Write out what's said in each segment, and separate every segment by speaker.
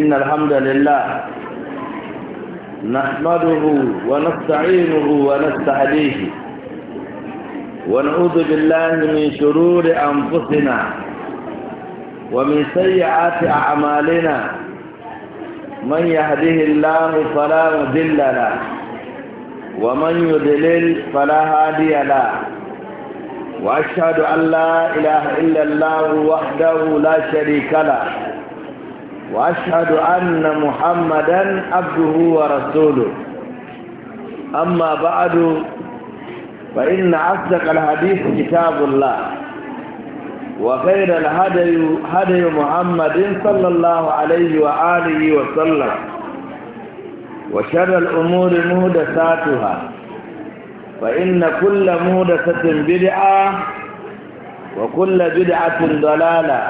Speaker 1: إن الحمد لله نحمده ونستعينه ونستهديه ونعوذ بالله من شرور أنفسنا ومن سيئات أعمالنا من يهده الله فلا مذل له ومن يذلل فلا هادي له وأشهد أن لا إله إلا الله وحده لا شريك له وأشهد أن محمدا عبده ورسوله أما بعد فإن أصدق الحديث كتاب الله وخير الهدي هدي محمد صلى الله عليه وآله وسلم وشر الأمور مهدساتها فإن كل مهدسة بدعة وكل بدعة ضلالة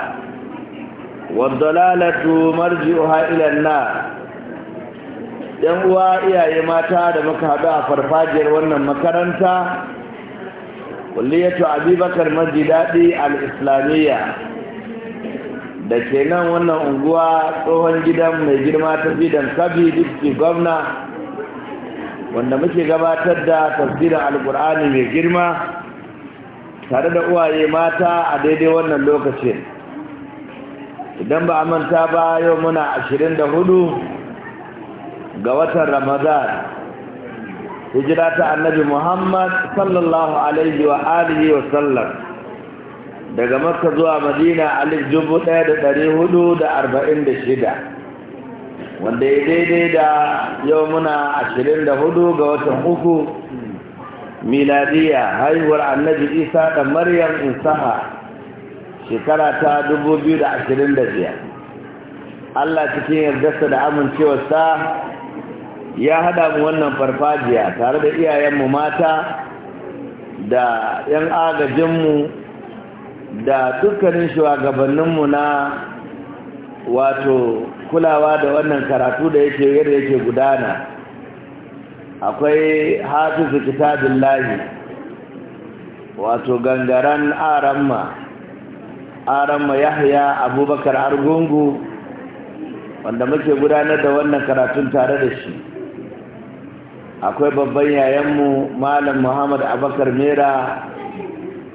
Speaker 1: waddalalatu marji'uha ila Allah yan uwa iyaye mata da muka haɗu a farfajiyar wannan makaranta kulliyatu abubakar maji daɗi al-islamiyya da ke nan wannan unguwa tsohon gidan mai girma ta bidan kabi dukki gwamna wanda muke gabatar da tafsirin alkur'ani mai girma tare da uwaye mata a daidai wannan lokacin idan ba a manta ba yau muna ashirin da hudu ga watan ramadan hijira ta annabi muhammad sallallahu alaihi wa alihi wa sallam daga makka zuwa madina alif dubu ɗaya da ɗari hudu da arba'in da shida wanda ya daidai da yau muna ashirin da hudu ga watan uku miladiya haihuwar annabi isa da maryam in saha shekara ta dubu biyu da da biyar. Allah cikin yardarsa da amincewarsa ya haɗa mu wannan farfajiya tare da iyayenmu mata da 'yan agajinmu da dukkanin shugabanninmu na wato kulawa da wannan karatu da yake yadda yake gudana akwai hafizu kitabin lahi wato gangaren aramma aran yahya abubakar argungu wanda muke gudanar da wannan karatun tare da shi akwai babban yayanmu malam muhammad abakar mera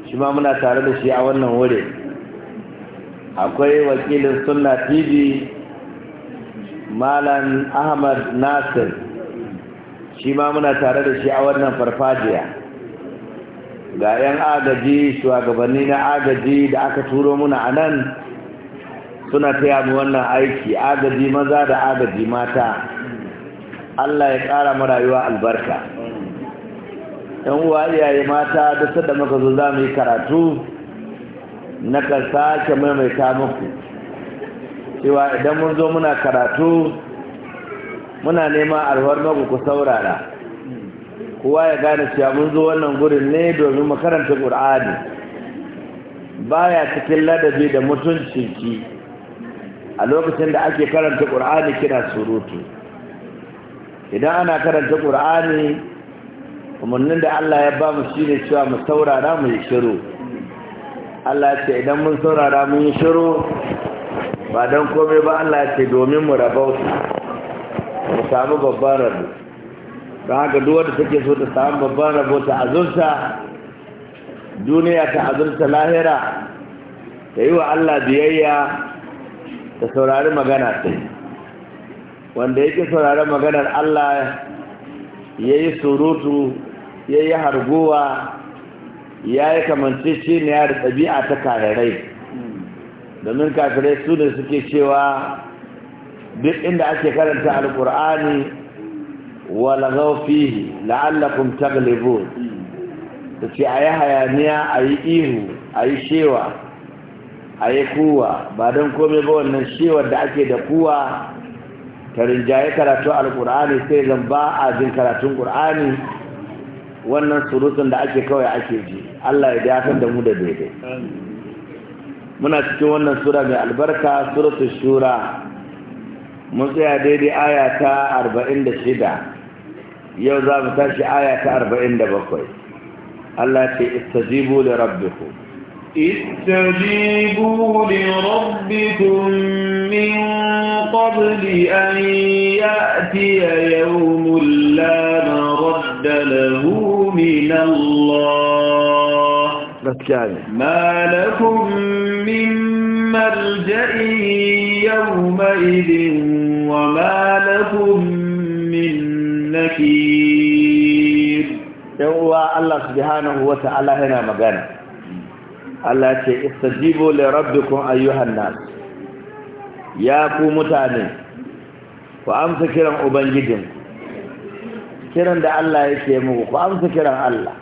Speaker 1: shi ma muna tare da shi a wannan wuri akwai wakilin sunna tv malam ahmad nasir shi ma muna tare da shi a wannan farfajiya ga 'yan agaji shugabanni na agaji da aka turo muna a nan suna taya mu wannan aiki agaji maza da agaji mata Allah ya ƙara marayuwa albarka yan uwa iyaye mata da sadda maka zo za mu yi karatu na kan ke maimaita muku cewa idan mun zo muna karatu muna neman alwar ku saurara kowa ya gane cewa mun zo wannan gurin ne domin makaranta ƙur'ani baya cikin ladabi da mutuncin ki a lokacin da ake karanta ƙur'ani kina surutu idan ana karanta ƙur'ani umarnin da Allah ya ba mu ne cewa mu saurara mu yi shiru Allah ya ce idan mun saurara mun yi shiru ba don komai ba Allah ya ce domin mu rabauta mu samu babban rabu don haka duwata take so ta samu babban rabo ta azurta duniya ta azurta lahira ta yi wa Allah biyayya ta saurari magana ta wanda yake saurari maganar Allah ya yi surutu ya yi harguwa ya yi kamance shi ne ya da ɗabi'a ta kararai domin kafirai su ne suke cewa duk inda ake karanta alkur'ani walagaw fihi la'allakum taglibun da ayi a yi hayaniya a ihu ayi yi shewa a kuwa ba don komai ba wannan shewar da ake da kuwa ta rinjaye karatu alkur'ani sai zan ba a jin karatun Ƙur'ani. wannan surutun da ake kawai ake ji allah ya dafin da mu da daidai muna cikin wannan sura mai albarka suratul shura mun tsaya daidai aya ta shida. يوزا بتاشي آية أربعين دبقوي التي استجيبوا لربكم
Speaker 2: استجيبوا لربكم من قبل أن يأتي يوم لا مرد له من الله ما لكم من ملجأ يومئذ
Speaker 1: وما لكم Allah subhanahu wa ta'ala yana magana Allah ce istajibu li rabbikum ayyuhan nas ya ku mutane ku amsa kiran ubangijin kiran da Allah yake muku ku amsa kiran Allah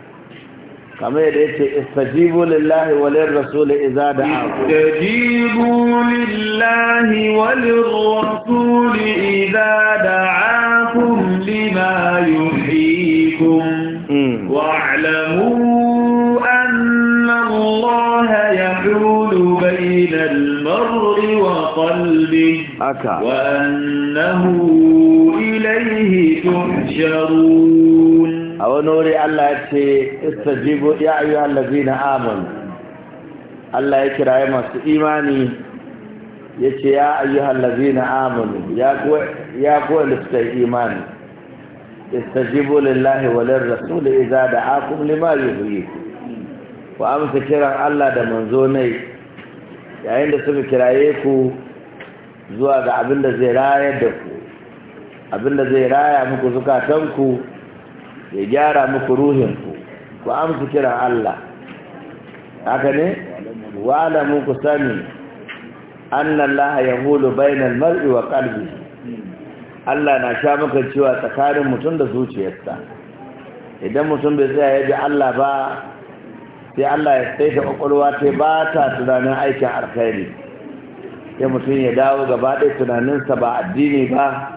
Speaker 1: kamar yadda yake istajibu lillahi wa lirrasul idza da'akum istajibu lillahi wa lirrasul
Speaker 2: idza da'akum lima yuhyikum واعلموا أن الله يحول بين المرء وقلبه أكا. وأنه
Speaker 1: إليه تحشرون أو نوري الله استجيبوا يا أيها الذين آمنوا الله يكرا يمس إيماني يا أيها الذين آمنوا يا قوة يا قوة إيماني istajibu lillahi walir rasul idza da'akum lima yuhyikum ku amsa kiran Allah da manzo nai, yayin da suka kiraye ku zuwa ga abin da zai rayar da ku abin da zai raya muku zukatanku ya gyara muku ruhinku ku amsa kiran Allah haka ne wa alamu ku sani anna Allah yahulu bainal mar'i wa qalbihi Allah na sha maka cewa tsakanin mutum da zuciyarsa idan mutum bai tsaya ya Allah ba sai Allah ya tsaye da kwakwalwa ta ba ta tunanin aikin alkhairi sai mutum ya dawo gaba ɗaya tunaninsa ba addini ba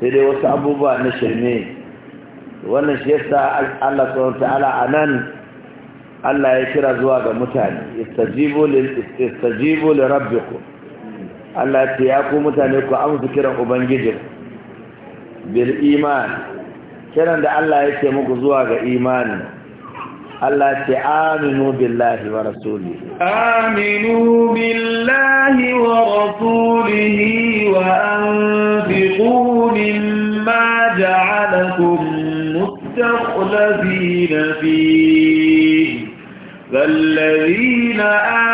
Speaker 1: sai dai wasu abubuwa na shirme wannan shi yasa Allah tsohon ta'ala a nan Allah ya kira zuwa ga mutane istajibu lil istajibu li rabbikum Allah ya ku mutane ku amsa kiran ubangijinku bil iman kiran da Allah yake muku zuwa ga imani Allah ce aminu billahi wa rasulihi
Speaker 2: aminu billahi wa rasulihi wa anfiqu mimma ja'alakum mustakhlifina fihi فالذين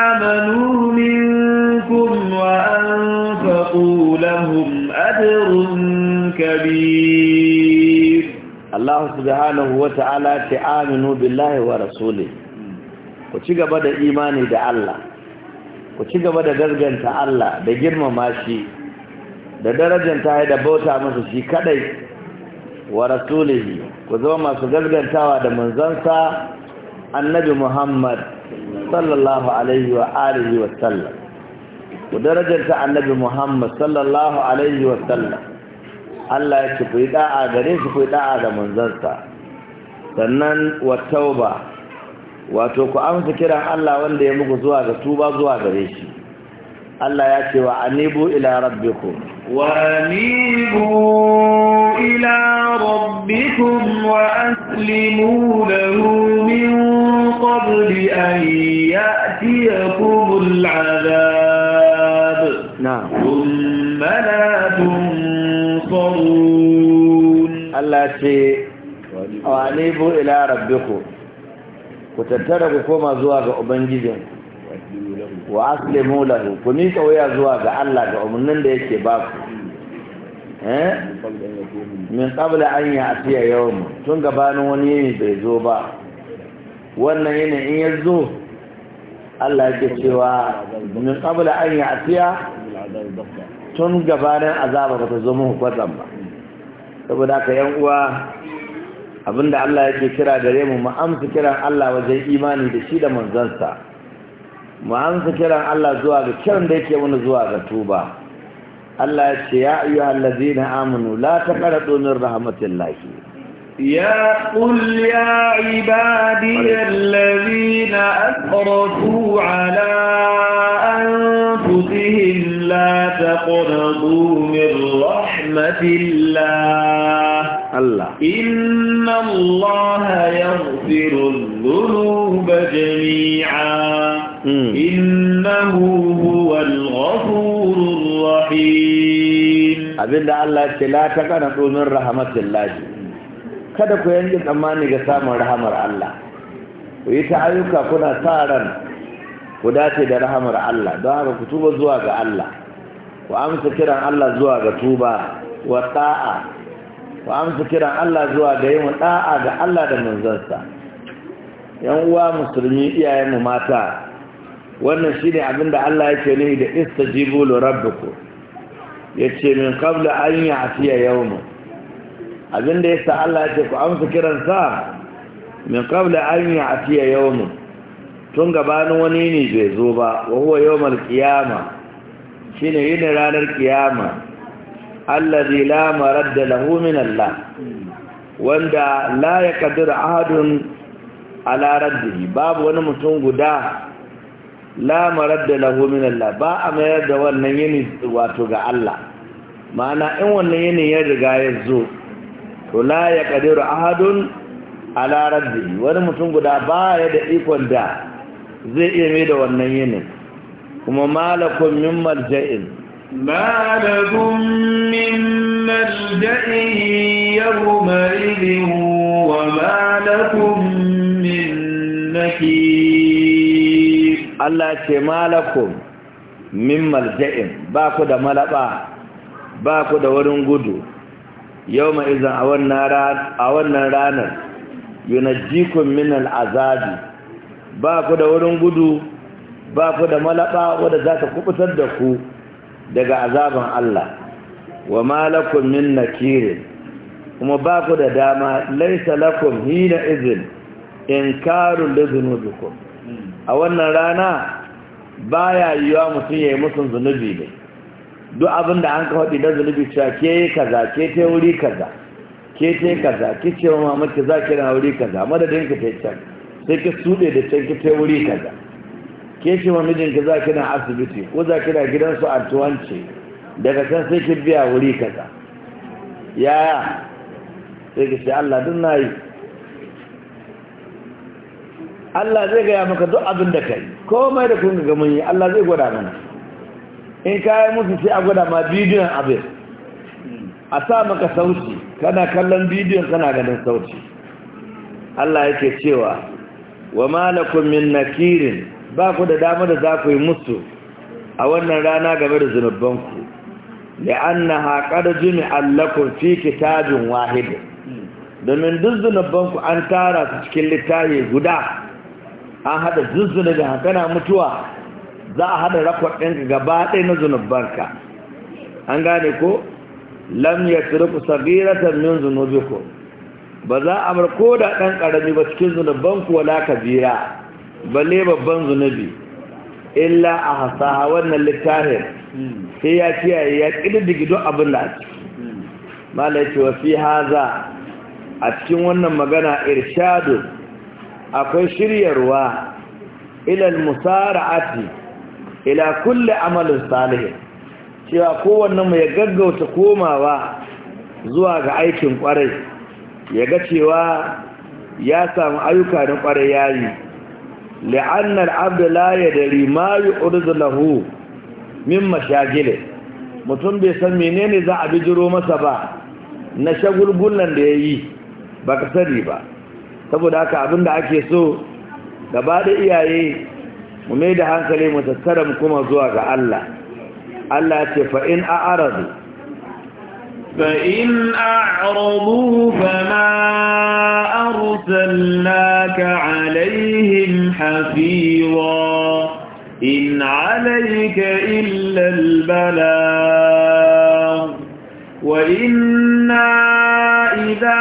Speaker 2: آمنوا منكم وأنفقوا لهم
Speaker 1: أجر كبير الله سبحانه وتعالى تآمنوا بالله ورسوله وتشغب دا إيماني دا الله وتشغب دا درجان تا الله دا جرم ماشي دا درجان تا دا بوتا مسوشي كدي ورسوله وزوما ما سجرجان تا دا منزنسا النبي محمد صلى الله عليه وآله وسلم ودرجة النبي محمد صلى الله عليه وسلم Allah ya ce ku yi da'a gare shi ku yi da'a ga manzansa sannan wa tauba wato ku amsa kiran Allah wanda ya muku zuwa ga tuba zuwa gare shi Allah ya ce wa anibu ila rabbikum wa
Speaker 2: anibu ila rabbikum wa aslimu lahu min qabli an ya'tiyakum al'adab na'am thumma
Speaker 1: Allah ya ce wa anibu ila rabbiku ku tattara ku koma zuwa ga ubangijin wa aslimu lahu ku miƙa waya zuwa ga Allah ga umarnin da yake ba ku eh? min qabla an ya atiya yawm tun gabanin wani yini bai zo ba wannan yini in ya zo Allah yake cewa min qabla an ya atiya tun gabanin azaba ba ta zo mu kwatsam ba saboda ka yan uwa abinda Allah yake kira gare mu mu amsa kiran Allah wajen imani da shi da manzansa mu amsa kiran Allah zuwa ga kiran da yake mana zuwa ga tuba Allah ya ce ya ayyuhal ladina amanu la taqradu min rahmatillahi
Speaker 2: ya qul ya ibadi alladhina asrafu ala anfusihim لا من رحمة الله الله إن الله يغفر الذنوب جميعا
Speaker 1: إنه هو الغفور الرحيم أبدا الله لا تقنطوا من رحمة الله kada ku yanke tsammani ga samun rahamar Allah ku yi ta ayyuka kuna sa ran ku dace da rahamar Allah don haka ku tuba zuwa ga Allah ku amsa kiran Allah zuwa ga tuba wa ta'a ku amsa kiran Allah zuwa ga yin da'a ga Allah da manzansa yan uwa musulmi iyayen mu mata wannan shine abin da Allah yake nufi da istajibu li rabbikum yace min qabla an ya'tiya yawm abin da yasa Allah yake ku amsa kiran sa min qabla an ya'tiya yawm tun gabanin wani ne bai zo ba wa huwa yawmal qiyamah shine yin ranar kiyama allazi la maradda lahu min Allah wanda la yaqdiru ahadun ala raddihi babu wani mutum guda la maradda lahu min Allah ba a mayar da wannan yini wato ga Allah ma'ana in wannan yini ya riga ya zo to la yaqdiru ahadun ala raddihi wani mutum guda ba ya da ikon da zai iya mai da wannan yinin kuma malakun min marja'in
Speaker 2: malakun min marja'in yawma idin wa
Speaker 1: malakun min nakir Allah ce malakun min marja'in ba ku da malaba ba ku da wurin gudu yawma izan a wannan ranar yunajjikun min al'azabi ba ku da wurin gudu ba ku da malaba wadda za ta kubutar da ku daga azaban Allah wa malakum min nakirin kuma ba ku da dama laisa lakum hina izin inkarun da a wannan rana baya yiwa mutum ya yi musun zunubi ne duk abin da an da na zunubi cewa ke yi kaza ke te wuri kaza ke te kaza ki ce wa mamaki za ki na wuri kaza madadin ki te can sai ki suɗe da can ki te wuri kaza ke shi mamijin za kina asibiti ko za kina gidansu a tuwanci daga can sai ki biya wuri kaza yaya sai ki ce Allah duk na yi Allah zai gaya maka duk abin da ka yi komai da kun ga mun yi Allah zai gwada mana in ka yi musu sai a gwada ma bidiyon abin a sa maka sauti kana kallon bidiyon kana ganin sauti Allah yake cewa wa malakum min nakirin ba ku da damar da za ku yi musu a wannan rana game da zunubanku da an na haƙar jini allakun fi kitabin wahidu domin duk zunubanku an tara su cikin littafi guda an haɗa duk zunubin na mutuwa za a haɗa rako ɗin gaba ɗai na zunubanka an gane ko lam ya turku sagiratan min zunubiku ba za a bar ko da ɗan ƙarami ba cikin zunubanku wala kabira balle babban zunubi illa a hasaha wannan littafin sai ya kiyaye ya kididdigi duk abin da ake mala ce wa fi haza a cikin wannan magana irshadu akwai shiryarwa ilal musara'ati ila kulle amalin salihin cewa kowanne mu ya gaggauta komawa zuwa ga aikin kwarai ya ga cewa ya samu ayyuka na kwarai yayi لأن Abdullahi da يدري Urzulahu, Mimma له mutum bai san menene za a bijiro masa ba na shagulgulan da ya yi ba ka sani ba saboda haka abin da ake so gaba da iyaye mu mai da hankali mu tattara mu kuma zuwa ga Allah Allah ce fa in a'aradu
Speaker 2: فإن أعرضوا فما أرسلناك عليهم حفيظا إن عليك إلا البلاغ وإنا إذا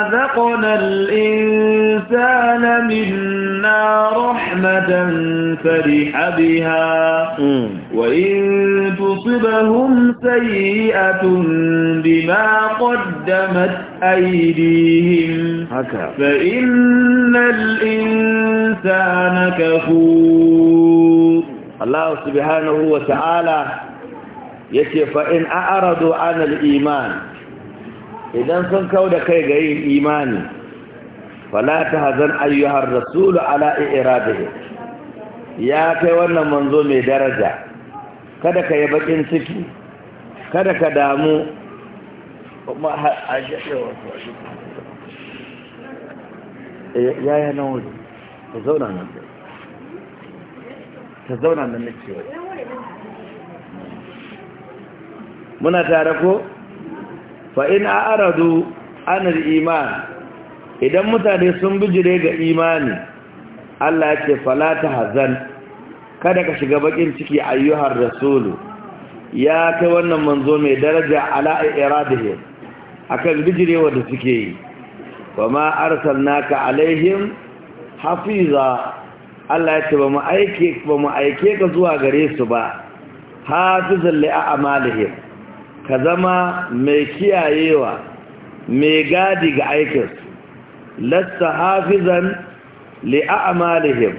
Speaker 2: أذقنا الإنسان منا رحمة فرح بها وإن تصبهم سيئة بما قدمت أيديهم هكا. فإن الإنسان كفور
Speaker 1: الله سبحانه وتعالى yace fa in a'radu 'an al-iman idan sun kauda kai ga yin imani fala tahzan ayyuhar rasul ala ya kai wannan manzo mai daraja kada ka yi bakin ciki kada ka damu eh, ya yi na wuri ta zauna nan ta zauna nan na cewa muna tare ko fa'in a aradu anar imani idan mutane sun bijire ga imani Allah ya ce falata hazan kada ka shiga bakin ciki ayyuhar rasulu ya kai wannan manzo mai daraja ala iradihi akan bijirewa da suke yi wa ma arsalnaka alaihim hafiza Allah ya ce ba mu aike ba mu aike ka zuwa gare su ba hafizan li a'malihi ka zama mai kiyayewa mai gadi ga aikinsu lasta hafizan li a'malihim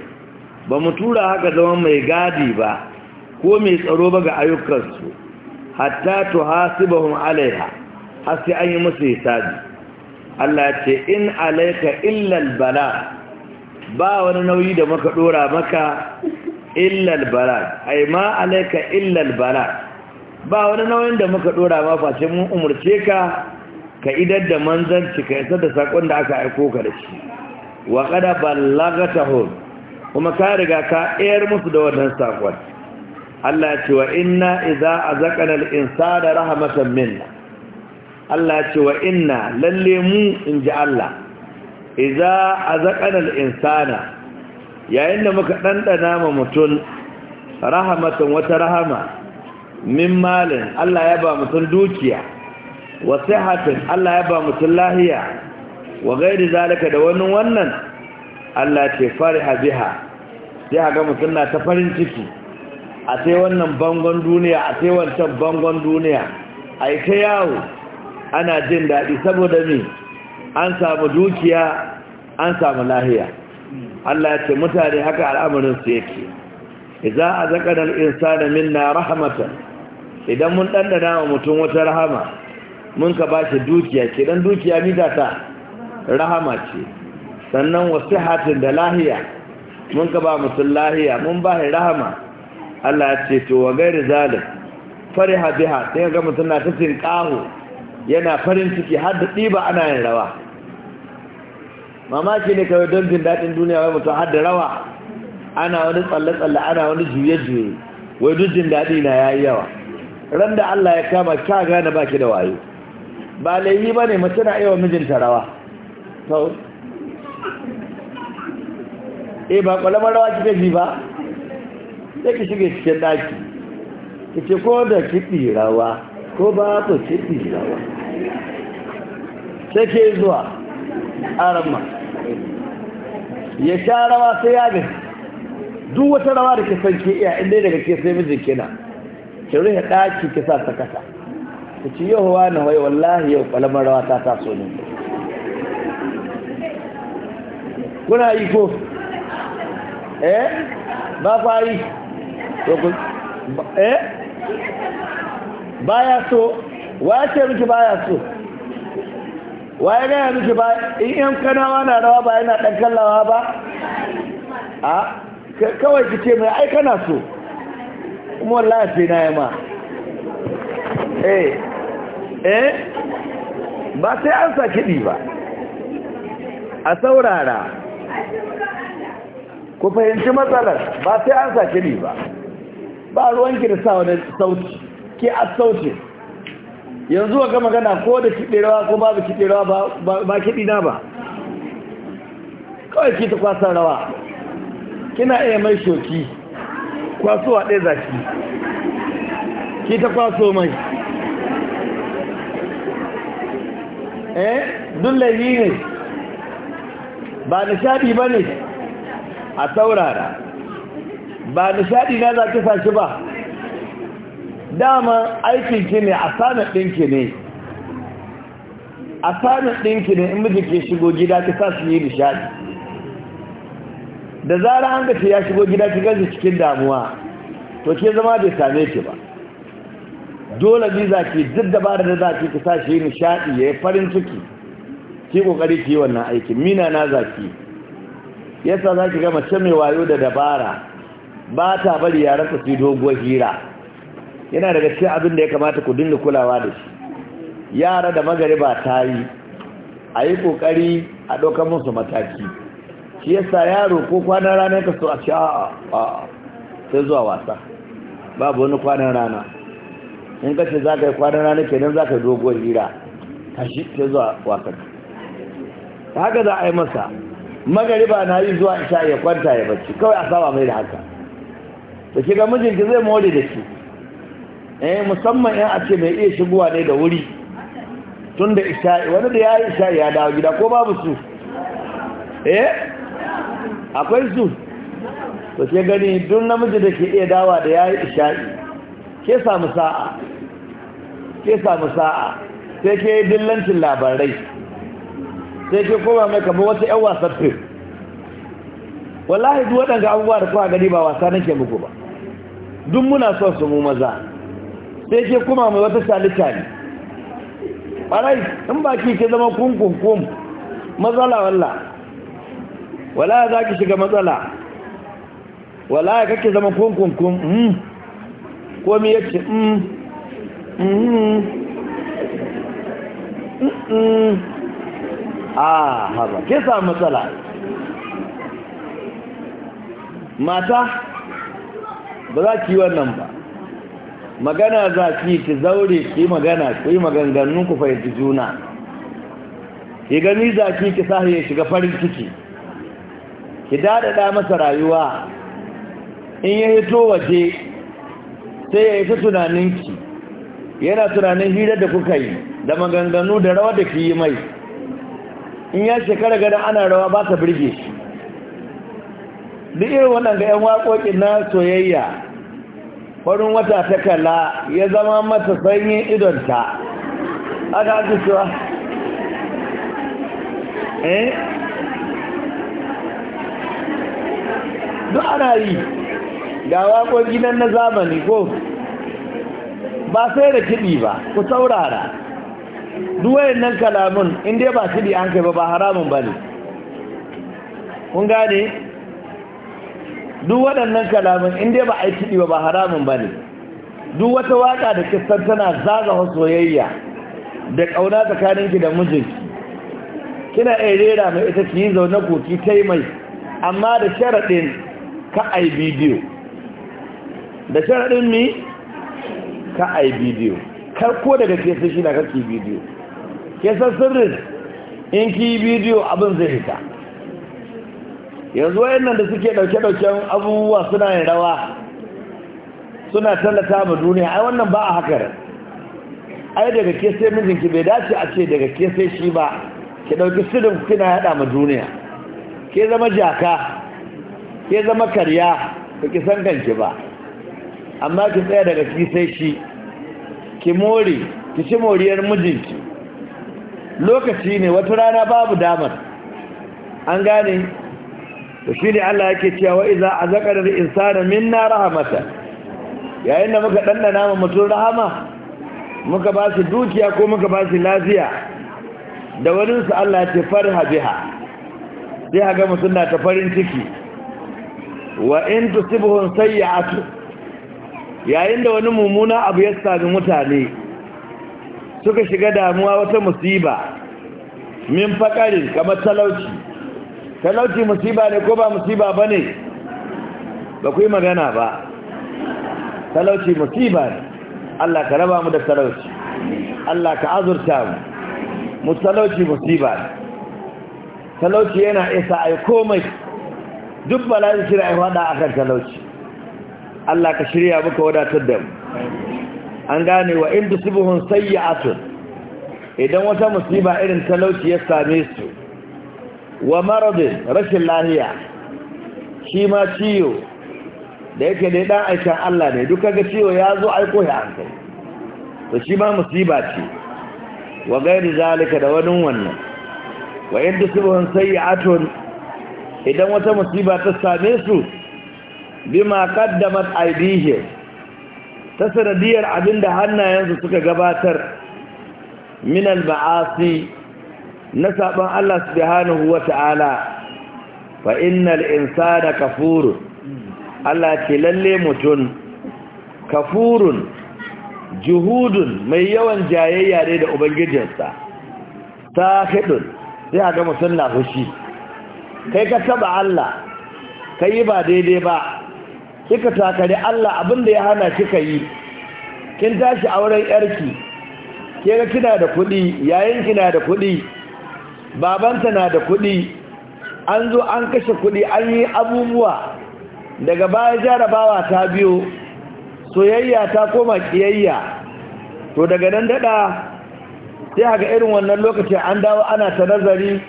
Speaker 1: ba mu tura haka zama mai gadi ba ko mai tsaro ba ga ayyukansu hatta to hasibahum alaiha har sai an yi musu hisabi Allah ce in alaika illal albala ba wani nauyi da muka dora maka illal albala ai ma alaika illal albala ba wani nauyin da muka dora ma face mun umurce ka ka idar da manzanci ka isa da sakon da aka aiko ka da shi wa qad ballaghatahum kuma ka riga ka ɗayar musu da wannan saƙon Allah ya ce wa inna a azaqana insa da rahmatan minna Allah ya ce wa inna lalle mu ji Allah Iza a al-insana yayin da muka dandana ma mutum rahmatan wata rahama min malin Allah ya ba mutun dukiya wa sihhatin Allah ya ba mutun lahiya wa gairi zalika da wannan wannan Allah ce fariha biha sai a ga mutum ta farin ciki a sai wannan bangon duniya a sai wancan bangon duniya a yi ta yawo ana jin daɗi saboda me an samu dukiya an samu lahiya Allah ya ce mutane haka al'amarin su yake idza azaqana al-insana minna rahmatan idan mun ɗanɗana wa mutum wata rahama mun ka shi dukiya ke don dukiya ni da ta rahama ce sannan wasu hatin da lahiya mun ka ba mutum lahiya mun ba shi rahama Allah ya ce to wa gairi zalim fari biha sai ga mutum na ta tinkaho yana farin ciki har da ɗiba ana yin rawa mamaki ne kawai don jin daɗin duniya wai mutum har da rawa ana wani tsalle-tsalle ana wani juye-juye wai duk jin daɗi na ya yi yawa ran da Allah ya kama ka gane baki da wayo ba laifi ba ne mace na iya mijinta rawa eh ba kwalamar rawa kika ji ba sai ki shige cikin daki ki ce ko da kiɗi rawa ko ba ku kiɗi rawa sai ke zuwa aramma ya sha rawa sai ya ga duk wata rawa da ke sanke iya inda daga ke sai mijin kina ki rufe ɗaki ki sa ta kasa ki ci yau wa na wai wallahi yau kwalamar rawa ta taso ne kuna yi ko eh ba fari yi eh baya so wa ce miki baya so wa ya gaya miki ba in yan kanawa na rawa ba yana ɗan kallawa ba a kawai ki ce mai ai kana so kuma wallahi sai na yama eh eh ba sai an sa kiɗi ba a saurara ku fahimci matsalar ba sai an sake kiri ba ba ruwanki da sa wani sauti ke a sauti yanzu ga magana ko da kiɗewa ko babu kiɗewa ba kiɗina ba kawai ki ta kwasa rawa kina iya mai shoki Kwaso a ɗaya zaki ki ta kwaso mai eh dullahi ne ba shaɗi ba ne a saurara ba nishadi na za ki sashi ba dama ki ne a sanar ɗinki ne a sanar ɗinki ne in miji ke shigo gida ki sa su yi nishadi da zara an ya shigo gida ki gaji cikin damuwa to ke zama bai same ki ba dole ne za ki duk bada da za ki ki sa shi nishadi ya yi farin ciki ki kokari ki yi wannan aikin mina na za ki yasa za ki gama ce mai wayo da dabara ba ta bari yaran su yi doguwar hira yana daga cikin abin da ya kamata ku dinga kulawa da shi yara da magariba ta yi a yi kokari a ɗaukar musu mataki shi yasa yaro ko kwanan rana ka so a ce a sai zuwa wasa babu wani kwanan rana in ka ce za ka yi kwanan rana kenan za ka doguwar hira shi sai zuwa wasa haka za a yi masa magariba na yi zuwa isha ya kwanta ya bacci kawai a saba mai da haka da ke ga mijinki zai more da shi eh musamman yan a ce mai iya shigowa ne da wuri tun da isha'i wani da ya yi isha'i ya dawo gida ko babu su eh akwai su to ke gani duk namiji da ke iya dawa da ya yi isha'i ke samu sa'a ke samu sa'a sai ke yi dillancin labarai sai ke koma mai kamar wata yan wasan fi wallahi duk waɗanda abubuwa da kuma gani ba wasa nake muku ba duk muna son su mu maza sai ke koma mai wata shali ɓarai in ba ki ke zama kunkunkun matsala walla wala za ki shiga matsala wala kake zama kunkunkun mm. komi ya ce mm mm mm Ah, haba ke samu matsala mata ba za ki wannan ba magana za ki ki zaure ki magana yi maganganun ku fahimci juna ki gani za ki ki sa ya shiga farin ciki ki daɗaɗa masa rayuwa in ya hito waje sai ya ta tunaninki yana tunanin hira da kuka yi da maganganu da rawa da ki yi mai in ya shekara ganin ana rawa ba ta birge shi duk irin wannan ga 'yan waƙoƙin na soyayya farin wata ta kalla ya zama mata sanyin idonta aka ake cewa eh duk ana yi ga waƙoƙi nan na zamani ko ba sai da kiɗi ba ku saurara duwayen nan kalamun inda ba su an kai ba ba haramun ba ne kun gane duk waɗannan kalamun inda ba a yi kiɗi ba ba haramun ba ne duk wata waƙa da kistan tana zagawa soyayya da ƙauna tsakaninki da mijinki kina iya rera mai ita ki yi zaune koki ta mai amma da sharaɗin ka a bidiyo da sharaɗin mi ka a bidiyo kar ko daga kesa shi na kake bidiyo kesa sirrin in ki bidiyo abin zai hita yanzu nan da suke dauke-dauken abubuwa suna yin rawa suna tallata ma duniya ai wannan ba a haka ai daga kesa mijin mijinki bai dace a ce daga kesa shi ba ki dauki sirrin kina yada ma duniya ke zama jaka ke zama karya ba ki san kanki ba amma ki tsaya daga kisai shi ki more ki ci moriyar mijinki lokaci ne wata rana babu damar an gane da shi ne Allah yake cewa iza a zakarar insana minna rahmata yayin da muka ɗanɗana ma mutum rahama muka ba shi dukiya ko muka ba shi lafiya da su Allah ce farha biha sai ga mutum na ta farin ciki wa in tusibuhum sayyi'atu yayin da wani mummuna abu ya sami mutane suka shiga damuwa wata musiba min fakarin kamar talauci talauci musiba ne ko ba musiba ba ne ba ku yi magana ba talauci musiba ne Allah ka raba mu da talauci Allah ka azurta mu mu talauci musiba ne talauci yana isa ai komai duk bala'in shi da ai a kan talauci Allah ka shirya muka wadatar da mu an gane wa in tusibuhum sayyi'atun idan wata musiba irin talauci ya same su wa maradin rashin lahiya shi ma ciyo da yake dai dan aikin Allah ne duka ga ciyo ya zo aiko ya an kai to shi ma musiba ce wa gairi zalika da wani wannan wa in tusibuhum sayyi'atun idan wata musiba ta same su bima qaddamat aydihim ta sanadiyar abinda hannayensu suka gabatar min al-ba'asi na sabon Allah subhanahu wata'ala fa innal insana kafur Allah ce lalle mutun kafurun juhudun mai yawan jayayya ne da ubangijinsa sahidun sai a ga mutum na fushi kai ka taba Allah kai ba daidai ba kika takare Allah abinda ya hana kika yi kin tashi auren yarki kera kina da kuɗi yayin kina da kuɗi babanta na da kuɗi an zo an kashe kuɗi an yi abubuwa daga baya jarabawa ta biyo soyayya ta koma kiyayya to daga nan dada sai haka irin wannan lokacin an dawo ana ta nazari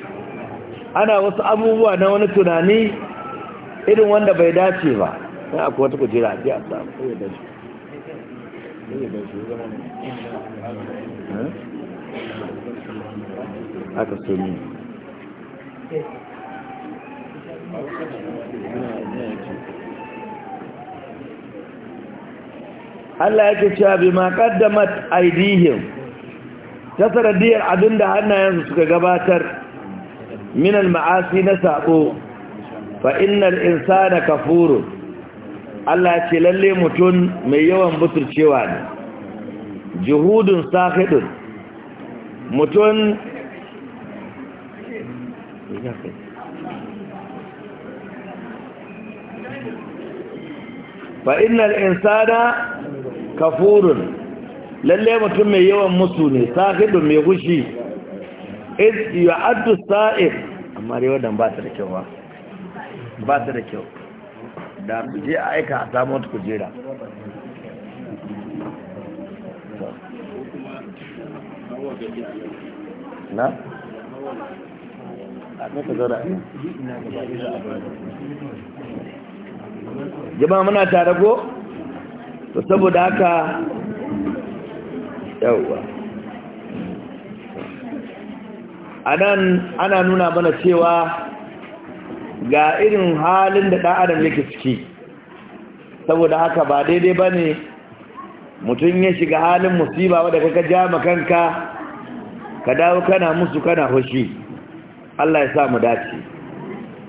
Speaker 1: ana wasu abubuwa na wani tunani irin wanda bai dace ba na akwai wata kujera a a samu eh? aka so ne Allah yake cewa bi ma qaddamat aydihim ta sanadiyar abinda hannayensu suka gabatar min maasi na sabo fa innal insana kafurun Allah ya ce lalle mutum mai yawan buturcewa ne juhudun sahidun mutum fa innal insana kafurun lalle mutum mai yawan musu ne sahidun mai gushi iz yu'addu sa'id amma rewa dan ba ta da kyau ba ba ta da kyau Da su je a aika a samu wata kujera na? jama muna tare ko? to saboda haka yauwa a nan ana nuna mana cewa ga irin halin da ɗan adam yake ciki saboda haka ba daidai ba ne mutum ya shiga halin musiba wadda kaka ja kanka ka dawo kana musu kana hushi Allah ya sa mu dace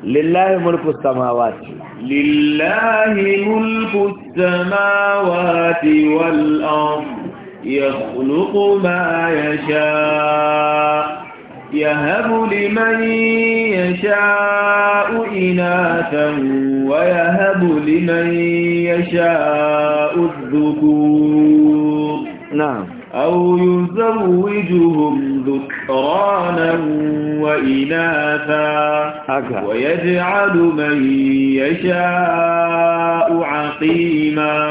Speaker 1: lillahi mulku samawati lillahi mulku
Speaker 2: samawati wal ard yakhluqu ma yasha يهب لمن يشاء إناثا ويهب لمن يشاء الذكور نعم أو يزوجهم ذكرانا وإناثا ويجعل من يشاء عقيما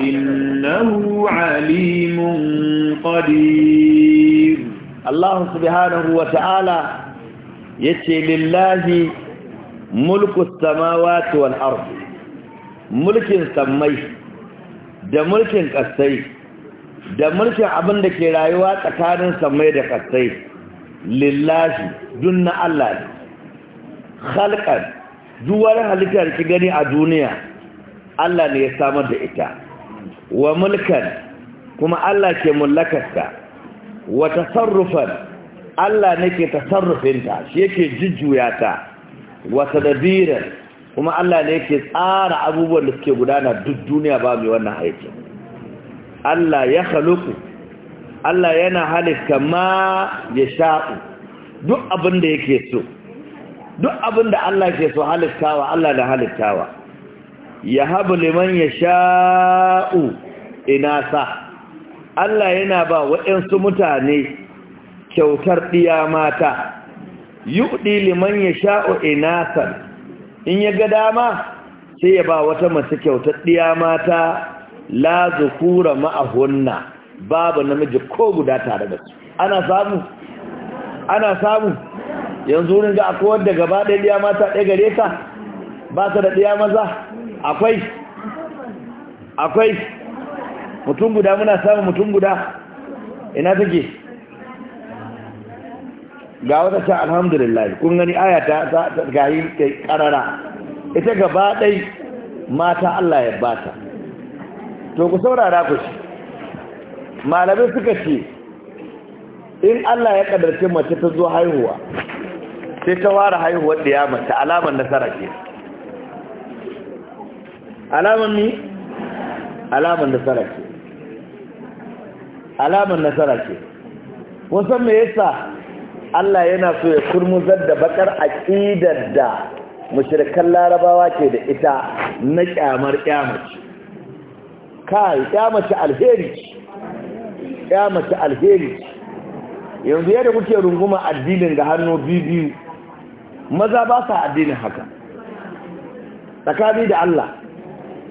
Speaker 2: إنه
Speaker 1: عليم قدير Allah subhanahu wa ta'ala yace lillahi mulku samawati wal ard mulkin sammai da mulkin kasai da mulkin abin da ke rayuwa tsakanin sammai da ƙasai lillahi dunna Allah ne khalqan duwar halittar ki gani a duniya Allah ne ya samar da ita wa mulkan kuma Allah ke mulkarta wa tasarrufan Allah nake tasarrufinta shi yake jujjuyata ta wa tadbira kuma Allah ne yake tsara abubuwan da suke gudana duk duniya ba mai wannan aiki Allah ya khaluqu Allah yana halitta ma ya sha'u duk abin da yake so duk abin da Allah ke so halittawa Allah da halittawa ya habu liman ya sha'u inasa Allah yana ba waɗansu mutane kyautar ɗiya mata yuɗi liman ya sha'o inasan in ya ga dama sai ya ba wata mace kyautar ɗiya mata la zukura ma'ahunna babu namiji ko guda tare da su ana samu ana samu yanzu ringa akwai wadda gaba ɗaya ɗiya mata ɗaya gare ta ba ta da ɗiya maza akwai akwai mutum guda muna samun mutum guda ina take ga wata ta alhamdulillah kun gani aya ta gayi kai karara ita gaba dai mata Allah ya bata to ku saurara ku shi malamai suka ce in Allah ya kadarce mace ta zo haihuwa sai ta ware haihuwar da ya mace alamar nasara ke alamar ni alamar nasara ke alamar nasara ce wasan me yasa Allah yana so ya kurmuzar da bakar aqidar da mushrikan larabawa ke da ita na kyamar kyamaci kai kyamaci alheri kyamaci alheri yanzu yadda kuke runguma addinin ga hannu biyu maza ba sa addinin haka tsakani da Allah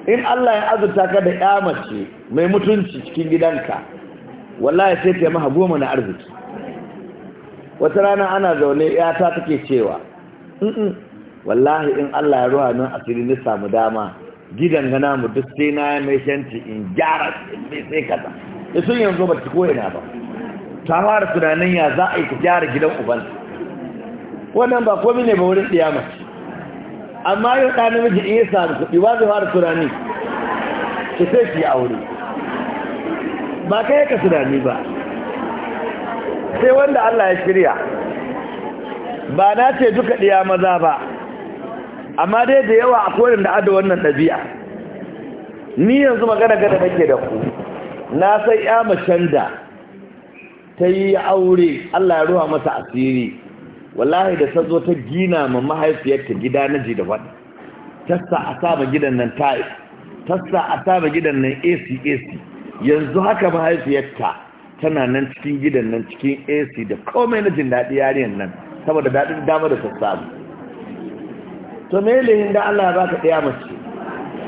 Speaker 1: in Allah ya azurta ka da mace mai mutunci cikin gidanka wallahi sai ta maha goma na arziki wata rana ana zaune ta take cewa wallahi in Allah ya ruwa nan asiri na samu dama gidan gana mu duk sai na ya mai shanti in gyara mai sai kaza ya sun yanzu ba ta na ba ta fara tunanin ya za a yi ta gyara gidan uban wannan ba komi ne ba wurin mace. amma yau ɗan namiji iya samu kuɗi ba zai fara tunani ki sai ki aure ba kai ka tunani ba sai wanda Allah ya shirya ba na ce duka ɗiya maza ba amma dai da yawa a kowane da adu wannan ɗabi'a ni yanzu magana gada nake da ku na sai ya macen da ta yi aure Allah ya ruwa masa asiri wallahi da ta zo ta gina ma mahaifiyarta gida na ji da wani tassa a saba gidan nan tayi tassa a saba gidan nan ac yanzu haka mahaifiyarta tana nan cikin gidan nan cikin ac da komai na jin daɗi yariyan nan saboda daɗin dama da sassamu to melehin da allah ya baka ɗaya mace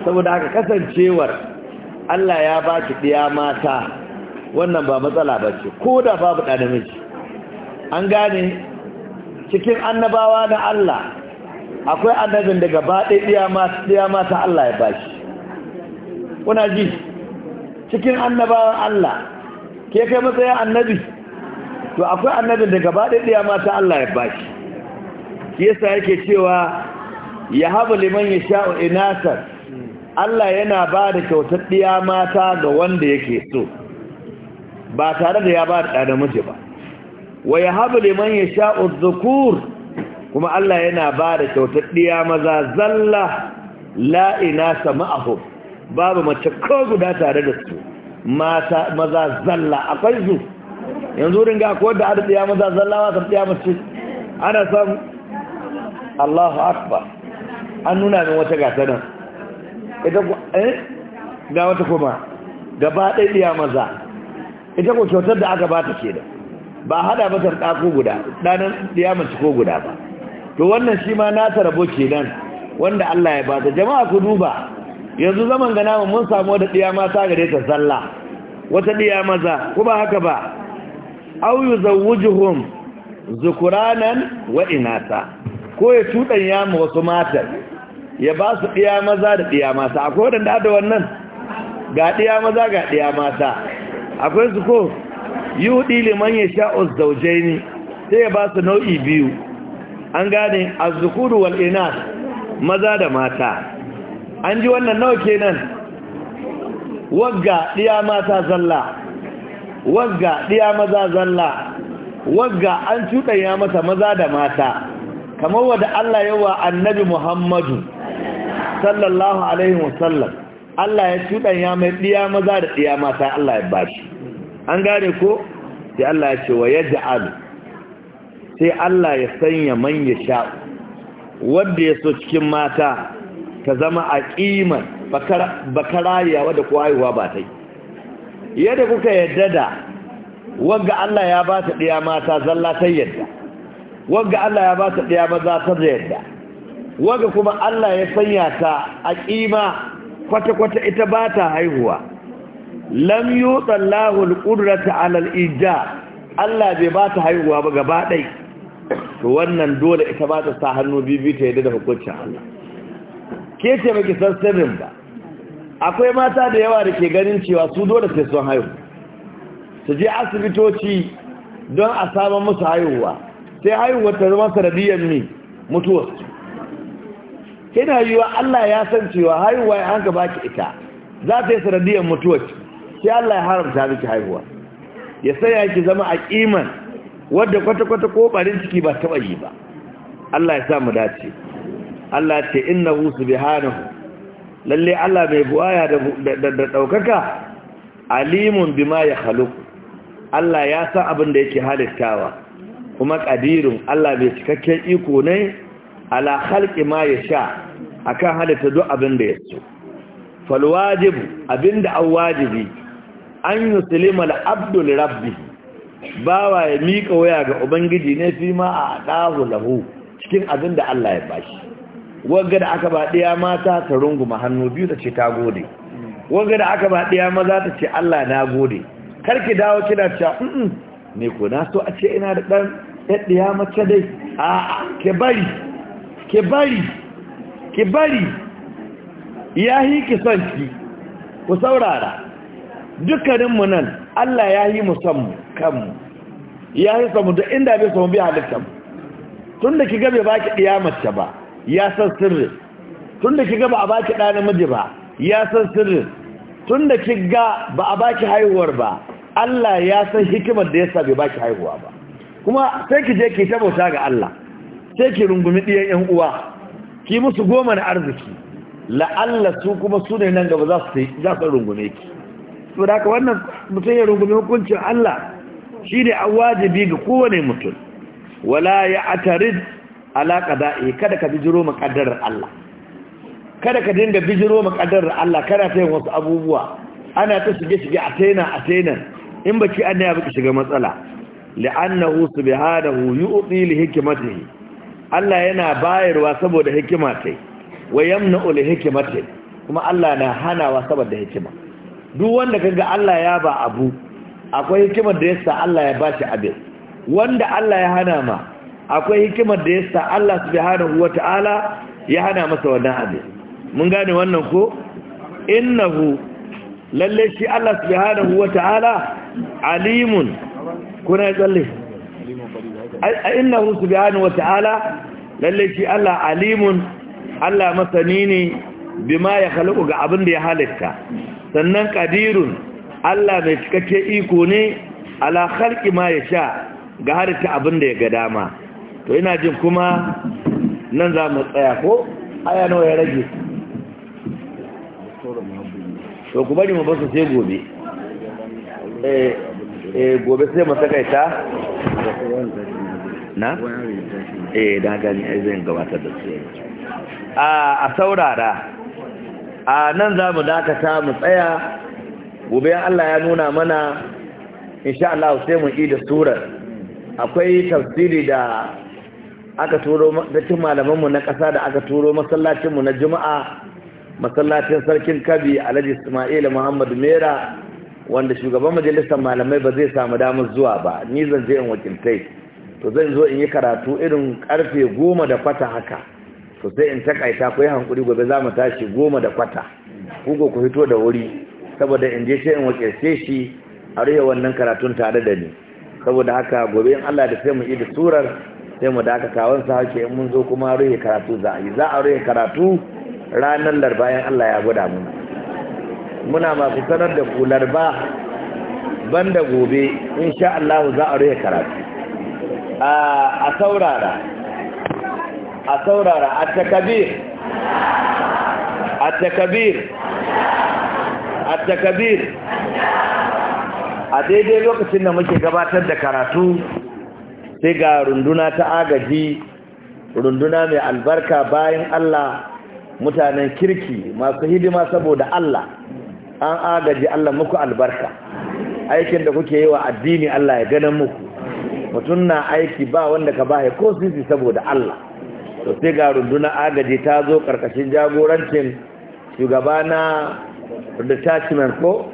Speaker 1: saboda haka kasancewar allah ya baki ɗaya mata wannan ba matsala ba ce ko da babu ɗa namiji an gane cikin annabawa na allah akwai annabin daga ba ɗaya mata allah ya bashi kuna ji cikin annabawan Allah ke kai matsayin annabi to akwai annabin da gaba ɗiya mata Allah ya bashi yasa yake cewa ya haɓa liman ya sha'o inasar Allah yana ba da kyautar ɗiya mata ga wanda yake so ba tare da ya ba da ɗan namiji ba wa ya haɓa liman ya sha'o zukur kuma Allah yana ba da kyautar ɗiya maza zalla a ma'ahu babu mace ko guda tare da su mata maza zalla akwai su yanzu ringa ko da ya maza zalla ba ta mace ana san Allahu akbar an nuna min wata gasa nan ita ku eh ga wata kuma gaba ɗaya diya maza ita ku kyautar da aka bata ce da ba hada mata ɗako guda ɗanan diya mace ko guda ba to wannan shi ma na tarabo kenan wanda Allah ya bata jama'a ku duba yanzu zaman ga mun samu wata ɗiya mata gare ta sallah wata ɗiya maza ko ba haka ba au yuzawwijuhum zukuranan wa inasa ko ya ya mu wasu mata ya ba su ɗiya maza da ɗiya mata akwai wadanda da wannan ga ɗiya maza ga ɗiya mata akwai su ko huɗi liman ya sha uzdaujai sai ya ba su nau'i biyu an gane a wal inas maza da mata an ji wannan nawa kenan wagga ɗiya mata zalla wagga ɗiya maza zalla wagga an cuɗanya mata maza da mata kamar wadda Allah yawa annabi Muhammadu sallallahu alaihi wasallam Allah ya cuɗanya mai ɗiya maza da ɗiya mata Allah ya bashi an gane ko sai Allah ya ce wa yaj'al sai Allah ya sanya manya sha wadda ya so cikin mata ta zama a ƙimar bakarayewa da kwayewa ba ta yi yadda kuka yadda da wanga Allah ya ba ta ɗaya mata zalla ta yadda wanga Allah ya ba ta ɗaya maza ta yadda wanga kuma Allah ya sanya ta a ƙima kwata-kwata ita ba ta haihuwa lam yi lahul ƙudurata alal ija Allah bai ba ta haihuwa ba gaba ɗai wannan dole ita ba ta sa hannu bibi ta yadda da hukuncin Allah ke ce maki san sirrin ba akwai mata da yawa da ke ganin cewa su dole sai sun haihu su je asibitoci don a saman musu haihuwa sai haihuwa ta zama sanadiyar ne mutuwarsu yana yiwa Allah ya san cewa haihuwa ya hanga baki ita za ta yi sanadiyar ki sai Allah ya haramta miki haihuwa ya sanya ki zama a kiman wadda kwata-kwata ko barin ciki ba taɓa yi ba Allah ya sa mu dace Allah ce innahu subhanahu lalle Allah mai buwaya da da daukaka alimun ma ya khaluq Allah ya san abin da yake halittawa kuma qadirun Allah mai cikakken iko ne ala ya ma A akan halitta duk abin da yake fal wajibu abinda an wajibi an yuslima da abdu bawa ya mika waya ga ubangiji ne fi ma a dahu lahu cikin abin da Allah ya bashi wagga da aka ba ɗaya mata ta runguma hannu biyu ta ce ta gode wagga da aka ba ɗaya maza ta ce Allah na gode kar ki dawo kina cewa mm ne ko na so a ce ina da ɗan ɗaya mace dai a ke bari ke bari ke bari ya yi ki son ki ku saurara Dukkanin mu nan Allah ya yi kan kanmu ya yi samu da inda bai samu bi halittar tun da ki gabe ba baki ɗiya mace ba ya san sirrin tun da kiga ba a baki ɗa namiji ba ya san sirrin tun da kiga ba a baki haihuwar ba Allah ya san hikimar da ya sa bai baki haihuwa ba kuma sai ki je ki tabauta ga Allah sai ki rungumi ɗiyan ƴan uwa ki musu goma na arziki la'alla su kuma su ne nan gaba za su za su rungume ki saboda haka wannan mutum ya rungume hukuncin Allah shi ne a wajibi ga kowane mutum wala ya atarid alaka da'i kada ka bijiro maƙaddarar Allah kada ka dinga bijiro maƙaddarar Allah kana ta yin wasu abubuwa ana ta shige-shige a tena a tena in baki an ya baki shiga matsala li'annahu subhanahu yu'ti li hikmatihi Allah yana bayarwa saboda hikima yi. wa yamna'u li hikmatihi kuma Allah na hanawa saboda hikima duk wanda kaga Allah ya ba abu akwai hikimar da yasa Allah ya bashi abin wanda Allah ya hana ma akwai hikimar da ya sa Allah subhanahu wata'ala ya hana masa wannan abin mun gane wannan ko innahu lalle shi Allah subhanahu wata'ala alimun kuna tsalle innahu subhanahu wata'ala lalle shi Allah alimun Allah masani ne bima ya khalqu ga abin da ya halitta sannan qadirun Allah mai cikakke iko ne ala khalqi ma yasha ga halitta abin da ya ga dama to ina jin kuma nan za mu tsaya ko aya nawa ya rage to ku bari mu basu sai gobe eh, eh gobe sai mu ita na eh da gani ai zan gabatar da su a a saurara a nan za mu dakata mu tsaya gobe Allah ya nuna mana insha Allah sai mu yi da surar akwai tafsiri da aka turo malaman malamanmu na ƙasa da aka turo masallacinmu na juma'a masallacin sarkin kabi alhaji ismail muhammad mera wanda shugaban majalisar malamai ba zai samu damar zuwa ba ni zan je in wakiltai to zan zo in yi karatu irin karfe goma da kwata haka to sai in takaita ku yi hankuri gobe za mu tashi goma da kwata kugo ku fito da wuri saboda in je sai in wakilce shi a rufe wannan karatun tare da ni saboda haka gobe in allah da sai mu yi da surar sai mu dakata wansa sashe in mun zo kuma ruhe karatu za a yi za a ruhe karatu ranar larba yan Allah ya gwada mu muna masu sanar da ku larba da gobe insha Allah za a ruhe karatu a saurara a saurara a takabir a takabir a takabir a daidai lokacin da muke gabatar da karatu sai ga runduna ta agaji runduna mai albarka bayan Allah mutanen kirki masu hidima saboda Allah an agaji Allah muku albarka aikin da kuke yi wa addini Allah ya ganin muku mutum na aiki ba wanda ka ba ko sisi saboda Allah to sai ga runduna agaji ta zo karkashin jagorancin shugaba na detachment ko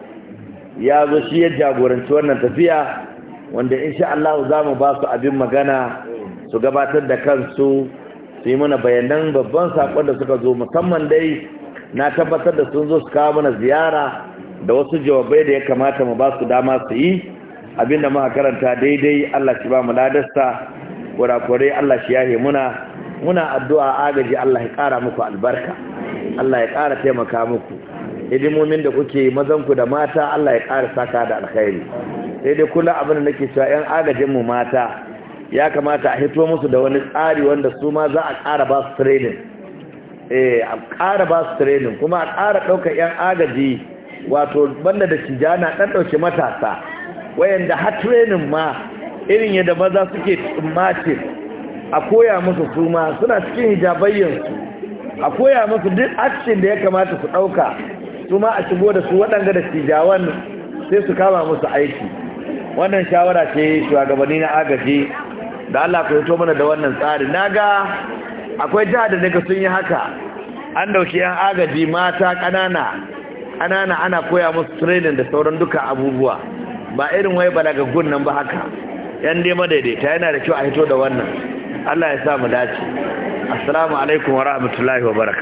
Speaker 1: ya zo shi ya jagoranci wannan tafiya wanda insha Allah za mu ba su abin magana su gabatar da kansu su yi mana bayanan babban sakon da suka zo musamman dai na tabbatar da sun zo su kawo mana ziyara da wasu jawabai da ya kamata mu ba su dama su yi abinda muka karanta daidai Allah shi ba mu ladarsa kurakurai Allah shi yahe muna muna addu'a agaji Allah ya ƙara muku albarka Allah ya ƙara taimaka muku hidimomin da kuke mazanku da mata Allah ya ƙara saka da alkhairi sai dai kula abin da nake cewa yan agajinmu mata ya kamata a hito musu da wani tsari wanda su ma za a ƙara ba su training eh a ƙara ba su training kuma a ƙara ɗaukar yan agaji wato banda da na ɗan ɗauki matasa wayanda har training ma irin yadda maza suke mace a koya musu su ma suna cikin hijabayyansu a koya musu duk action da ya kamata su ɗauka su ma a shigo da su waɗanda da tijawan sai su kama musu aiki wannan shawara ce shugabanni na agaji da Allah ku hito mana da wannan tsari naga akwai jihar da daga sun yi haka an dauki yan agaji mata kanana kanana ana koya musu training da sauran duka abubuwa ba irin wai gun nan ba haka yan dai madaidaita yana da kyau a hito da wannan Allah ya sa mu dace assalamu alaikum
Speaker 2: wa rahmatullahi wa baraka.